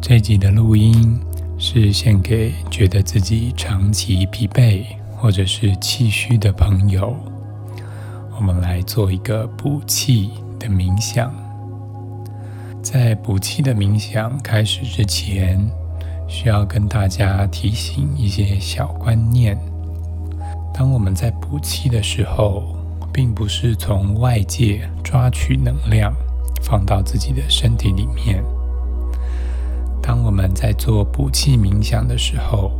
這集的錄音是獻給覺得自己長期疲憊或者是氣虛的朋友。我們來做一個補氣的冥想。在補氣的冥想開始之前，需要跟大家提醒一些小觀念。當我們在補氣的時候，並不是從外界抓取能量放到自己的身體裡面。當我們在做補氣冥想的時候，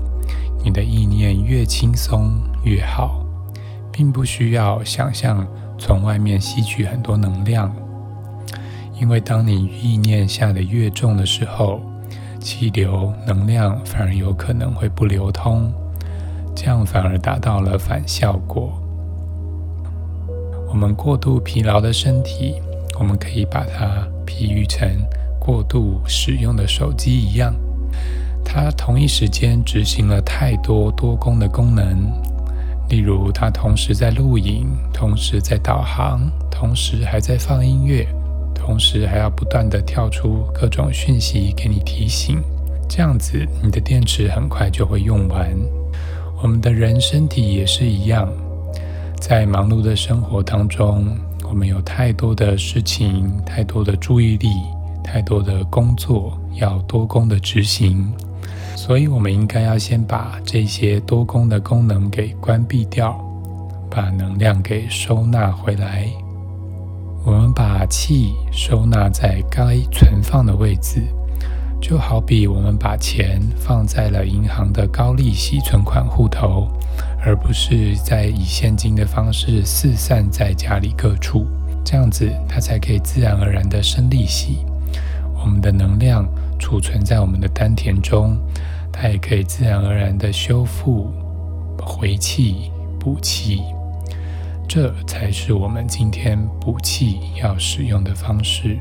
你的意念越輕鬆越好，並不需要想象從外面吸取很多能量。因為當你意念下得越重的時候，氣流能量反而有可能會不流通，這樣反而達到了反效果。我們過度疲勞的身體，我們可以把它比喻成。過度使用的手機一樣，它同一時間執行了太多多工的功能，例如它同時在錄影，同時在導航，同時還在放音樂，同時還要不斷地跳出各種訊息給你提醒。這樣子，你的電池很快就會用完。我們的人身體也是一樣，在忙碌的生活當中，我們有太多的事情，太多的注意力。太多的工作要多工的執行，所以我們應該要先把這些多工的功能給關閉掉，把能量給收納回來。我們把氣收納在該存放的位置，就好比我們把錢放在了銀行的高利息存款戶頭，而不是再以現金的方式四散在家裡各處，這樣子它才可以自然而然的生利息。我們的能量儲存在我們的丹田中，它也可以自然而然的修復、回氣、補氣，這才是我們今天補氣要使用的方式。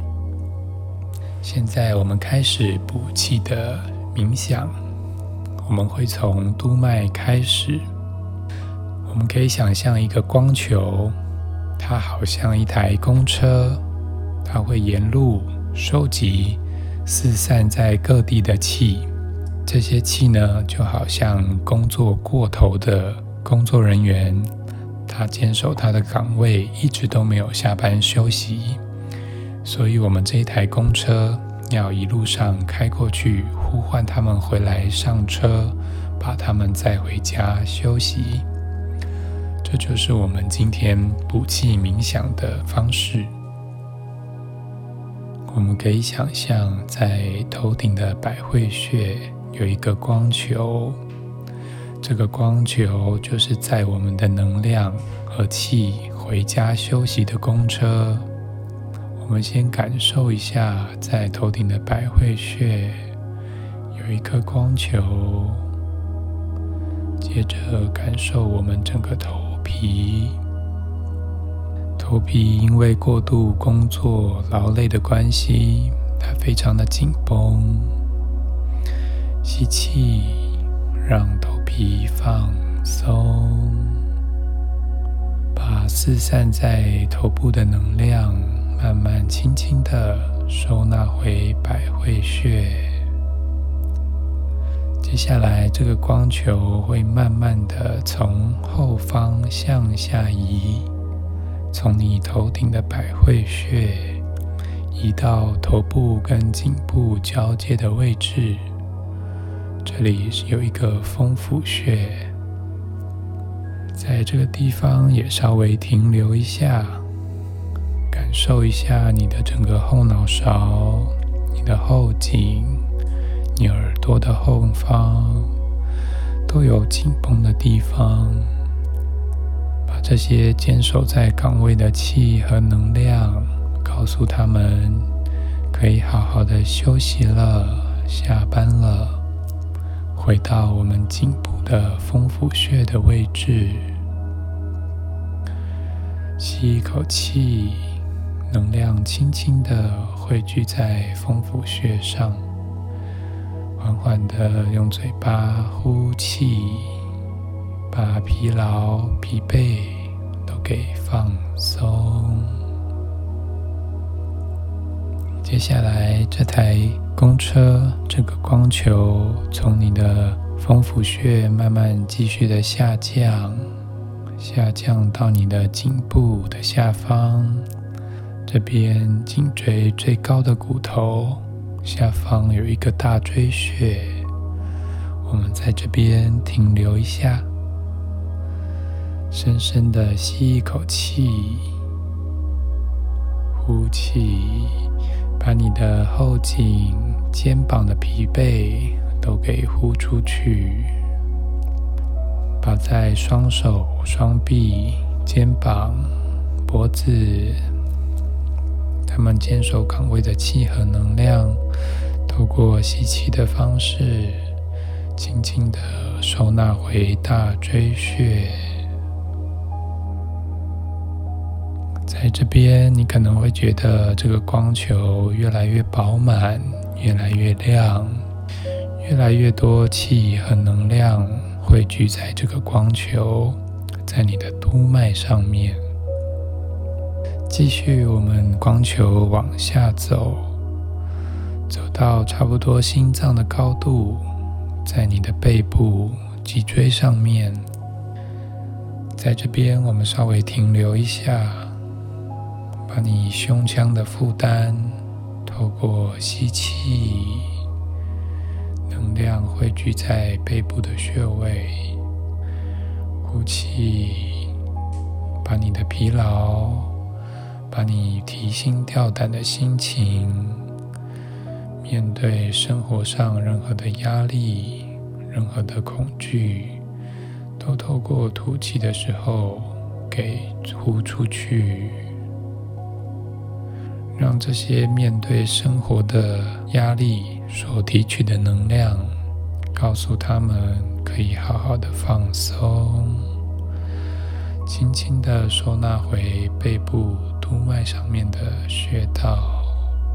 現在我們開始補氣的冥想，我們會從督脈開始，我們可以想象一個光球，它好像一台公車，它會沿路。收集四散在各地的氣，這些氣呢，就好像工作過頭的工作人員，他堅守他的崗位，一直都沒有下班休息。所以，我們這一台公車要一路上開過去，呼喚他們回來上車，把他們載回家休息。這就是我們今天補氣冥想的方式。我們可以想象，在頭頂的百會穴有一個光球，這個光球就是載我們的能量和氣回家休息的公車。我們先感受一下，在頭頂的百會穴有一顆光球，接着感受我們整個頭皮。頭皮因為過度工作勞累的關係，它非常的緊繃。吸氣，讓頭皮放鬆，把四散在頭部的能量慢慢輕輕地收納回百會穴。接下來，這個光球會慢慢的從後方向下移。從你頭頂的百會穴移到頭部跟頸部交接的位置，這裡是有一個風府穴，在這個地方也稍微停留一下，感受一下你的整個後腦勺、你的後頸、你耳朵的後方都有緊繃的地方。這些堅守在崗位的氣和能量，告訴他們可以好好的休息了，下班了。回到我們頸部的風府穴的位置，吸一口氣，能量輕輕的匯聚在風府穴上，緩緩的用嘴巴呼氣，把疲勞、疲憊。給放鬆。接下來，這台公車，這個光球從你的風府穴慢慢繼續的下降，下降到你的頸部的下方。這邊頸椎最高的骨頭下方有一個大椎穴，我們在這邊停留一下。深深的吸一口氣，呼氣，把你的後頸、肩膀的疲憊都給呼出去。把在雙手、雙臂、肩膀、脖子，他們堅守崗位的氣和能量，透過吸氣的方式，輕輕的收納回大椎穴。在這邊你可能會覺得這個光球越來越飽滿，越來越亮，越來越多氣和能量匯聚在這個光球，在你的督脈上面。繼續，我們光球往下走，走到差不多心臟的高度，在你的背部脊椎上面。在這邊，我們稍微停留一下。把你胸腔的負擔，透過吸氣，能量匯聚在背部的穴位；呼氣，把你的疲勞，把你提心吊膽的心情，面對生活上任何的壓力、任何的恐懼，都透過吐氣的時候給呼出去。讓這些面對生活的壓力所提取的能量，告訴他們可以好好的放鬆，輕輕的收納回背部督脈上面的穴道，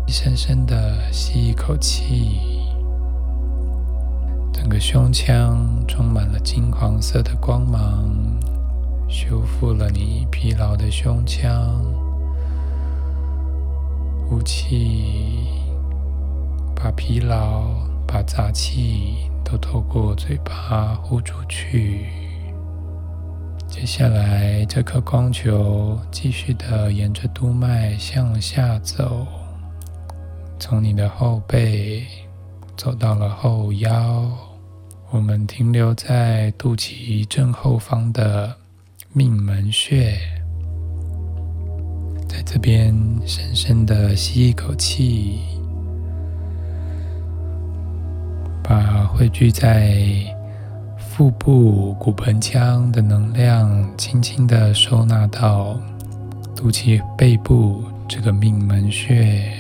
深深的吸一口氣，整個胸腔充滿了金黃色的光芒，修復了你疲勞的胸腔。呼氣，把疲勞、把雜氣都透過嘴巴呼出去。接下來，這顆光球繼續的沿着督脈向下走，從你的後背走到了後腰，我們停留在肚臍正後方的命門穴。在這邊深深的吸一口氣，把匯聚在腹部骨盆腔的能量，輕輕的收納到肚臍背部這個命門穴。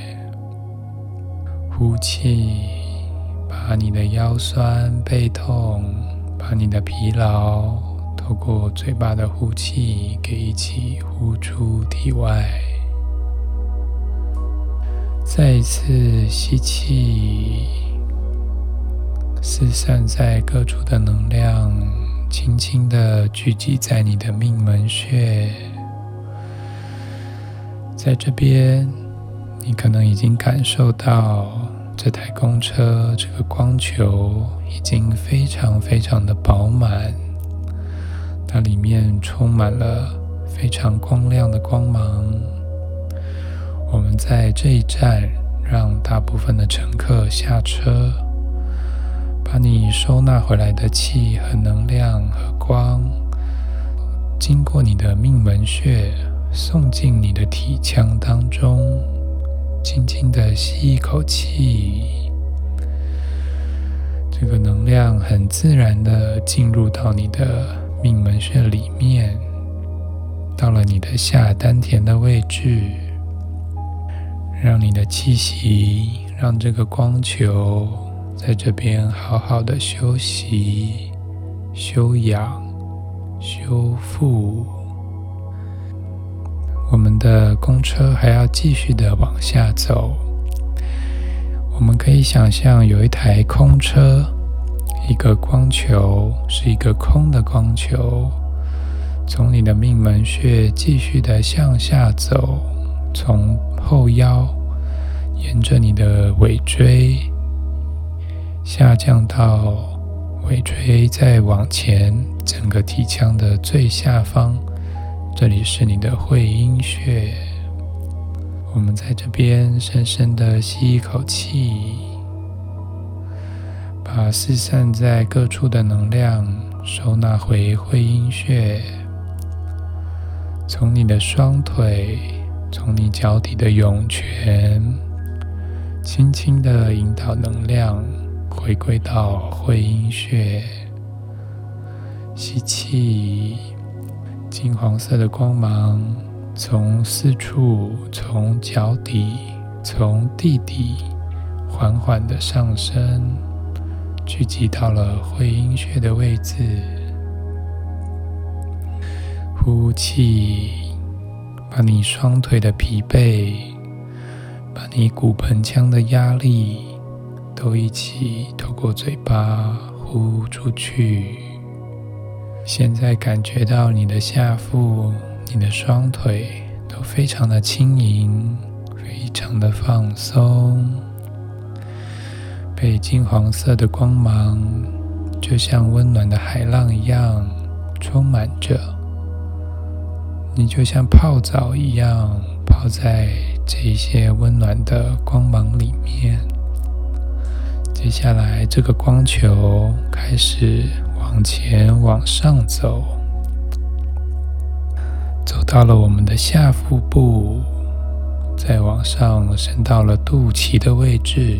呼氣，把你的腰痠背痛，把你的疲勞，透過嘴巴的呼氣，給一起呼出體外。再一次吸氣，四散在各處的能量，輕輕地聚集在你的命門穴。在這邊，你可能已經感受到這台公車、這個光球已經非常非常的飽滿，它裡面充滿了非常光亮的光芒。我們在這一站，讓大部分的乘客下車，把你收納回來的氣和能量和光，經過你的命門穴，送進你的體腔當中。輕輕的吸一口氣，這個能量很自然地進入到你的命門穴裡面，到了你的下丹田的位置。讓你的氣息，讓這個光球在這邊好好的休息、休養、修復。我們的公車還要繼續的往下走。我們可以想象，有一台空車，一個光球是一個空的光球，從你的命門穴繼續的向下走，從。後腰沿着你的尾椎下降到尾椎，再往前，整個體腔的最下方，這裡是你的會陰穴。我們在這邊深深的吸一口氣，把四散在各處的能量收納回會陰穴，從你的雙腿。從你腳底的湧泉，輕輕的引導能量回歸到會陰穴。吸氣，金黃色的光芒從四處，從腳底，從地底，緩緩的上升，聚集到了會陰穴的位置。呼氣。把你雙腿的疲憊，把你骨盆腔的壓力，都一起透過嘴巴呼出去。現在感覺到你的下腹，你的雙腿都非常的輕盈，非常的放鬆。被金黃色的光芒，就像溫暖的海浪一樣，充滿着。你就像泡澡一樣，泡在這些溫暖的光芒裡面。接下來，這個光球開始往前往上走，走到了我們的下腹部，再往上升到了肚臍的位置。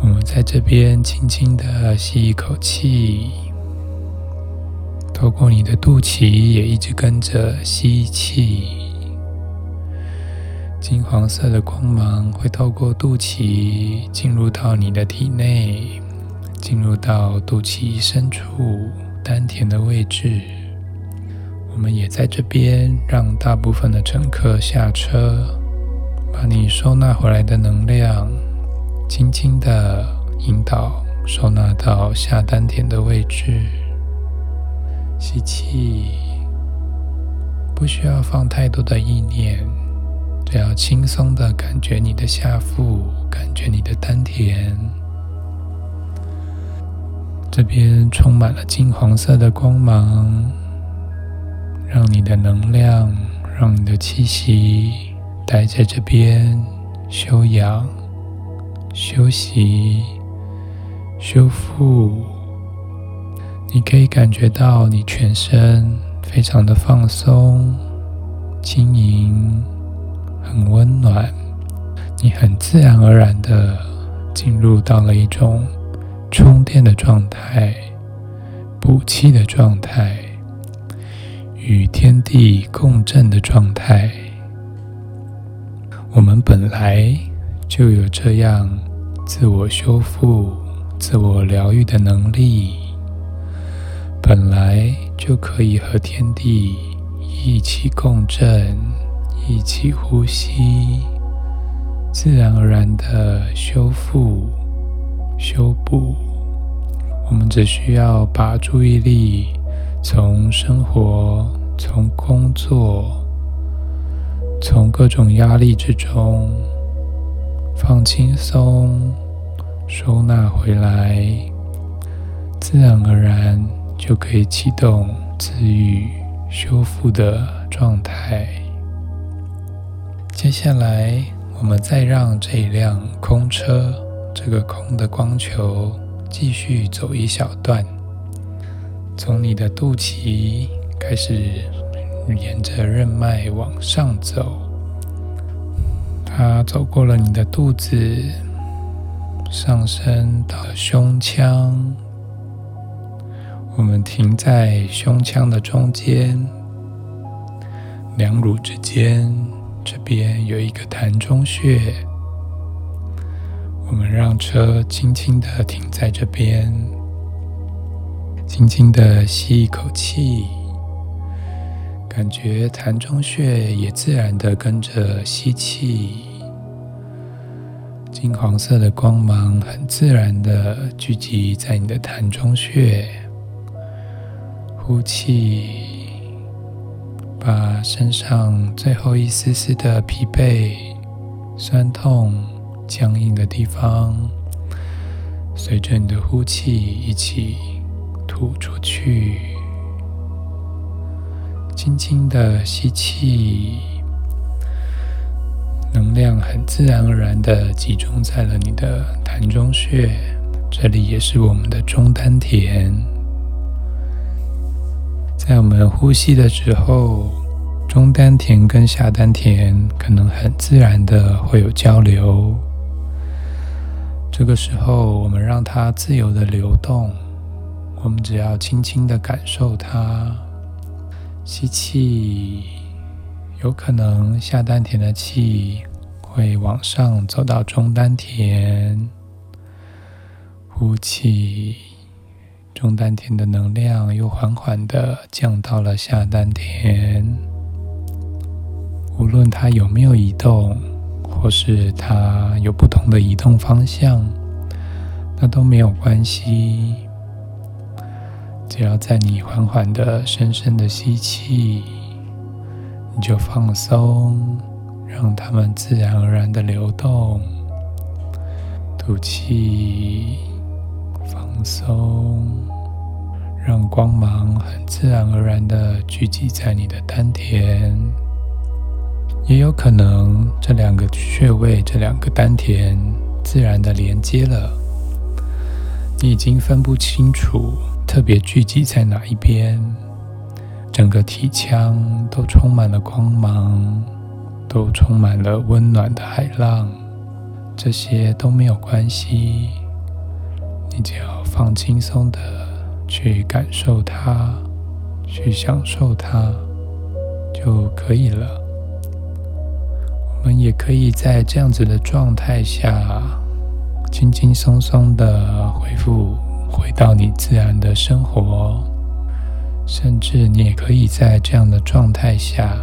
我們在這邊輕輕地吸一口氣。透過你的肚臍，也一直跟着吸氣，金黃色的光芒會透過肚臍進入到你的體內，進入到肚臍深處丹田的位置。我們也在這邊讓大部分的乘客下車，把你收納回來的能量，輕輕的引導收納到下丹田的位置。吸氣，不需要放太多的意念，只要輕鬆地感覺你的下腹，感覺你的丹田，這邊充滿了金黃色的光芒，讓你的能量，讓你的氣息，待在這邊休養、休息、修復。你可以感覺到你全身非常的放鬆、輕盈、很溫暖，你很自然而然的進入到了一種充電的狀態、補氣的狀態、與天地共振的狀態。我們本來就有這樣自我修復、自我療癒的能力。本來就可以和天地一起共振，一起呼吸，自然而然的修復、修補。我們只需要把注意力從生活、從工作、從各種壓力之中放輕鬆，收納回來，自然而然。就可以啟動自愈、修復的狀態。接下來，我們再讓這一輛空車，這個空的光球，繼續走一小段，從你的肚臍開始，沿着任脈往上走。它走過了你的肚子，上升到胸腔。我們停在胸腔的中間，兩乳之間，這邊有一個膻中穴。我們讓車輕輕的停在這邊，輕輕的吸一口氣，感覺膻中穴也自然的跟着吸氣，金黃色的光芒很自然的聚集在你的膻中穴。呼氣，把身上最後一絲絲的疲憊、痠痛、僵硬的地方，隨着你的呼氣一起吐出去。輕輕的吸氣，能量很自然而然的集中在了你的膻中穴，這裡也是我們的中丹田。在我們呼吸的時候，中丹田跟下丹田可能很自然的會有交流。這個時候，我們讓它自由的流動，我們只要輕輕的感受它。吸氣，有可能下丹田的氣會往上走到中丹田。呼氣。中丹田的能量又緩緩的降到了下丹田，無論它有沒有移動，或是它有不同的移動方向，那都沒有關係。只要在你緩緩的、深深的吸氣，你就放鬆，讓它們自然而然的流動，吐氣。放鬆，讓光芒很自然而然的聚集在你的丹田。也有可能這兩個穴位、這兩個丹田自然的連接了，你已經分不清楚，特別聚集在哪一邊。整個體腔都充滿了光芒，都充滿了溫暖的海浪，這些都沒有關係，你只要。放輕鬆的去感受它，去享受它就可以了。我們也可以在這樣子的狀態下，輕輕鬆鬆的恢復回到你自然的生活。甚至你也可以在這樣的狀態下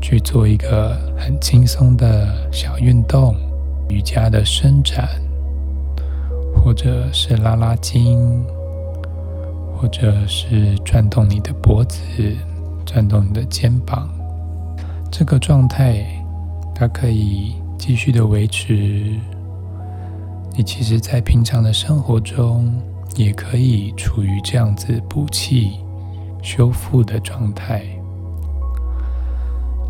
去做一個很輕鬆的小運動，瑜伽的伸展。或者是拉拉筋，或者是轉動你的脖子，轉動你的肩膀。這個狀態，它可以繼續的維持。你其實，在平常的生活中，也可以處於這樣子補氣、修復的狀態。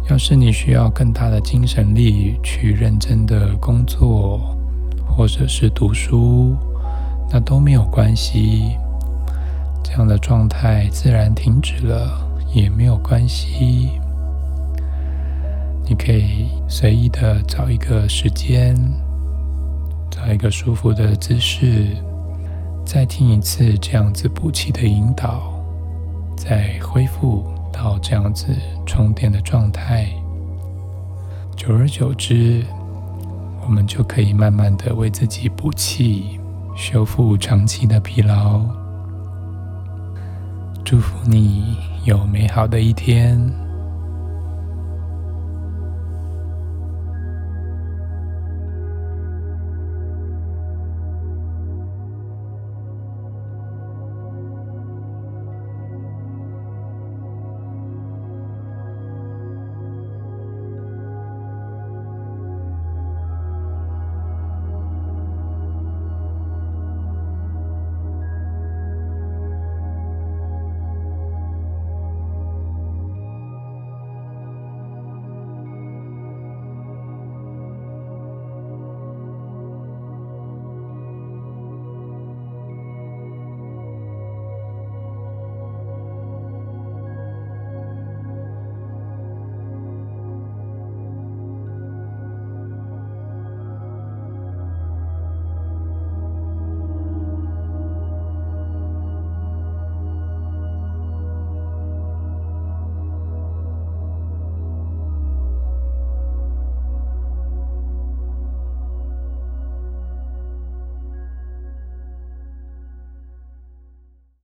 要是你需要更大的精神力去認真的工作。或者是讀書，那都沒有關係。這樣的狀態自然停止了，也沒有關係。你可以隨意的找一個時間，找一個舒服的姿勢，再聽一次這樣子補氣的引導，再恢復到這樣子充電的狀態。久而久之。我們就可以慢慢的為自己補氣，修復長期的疲勞。祝福你有美好的一天。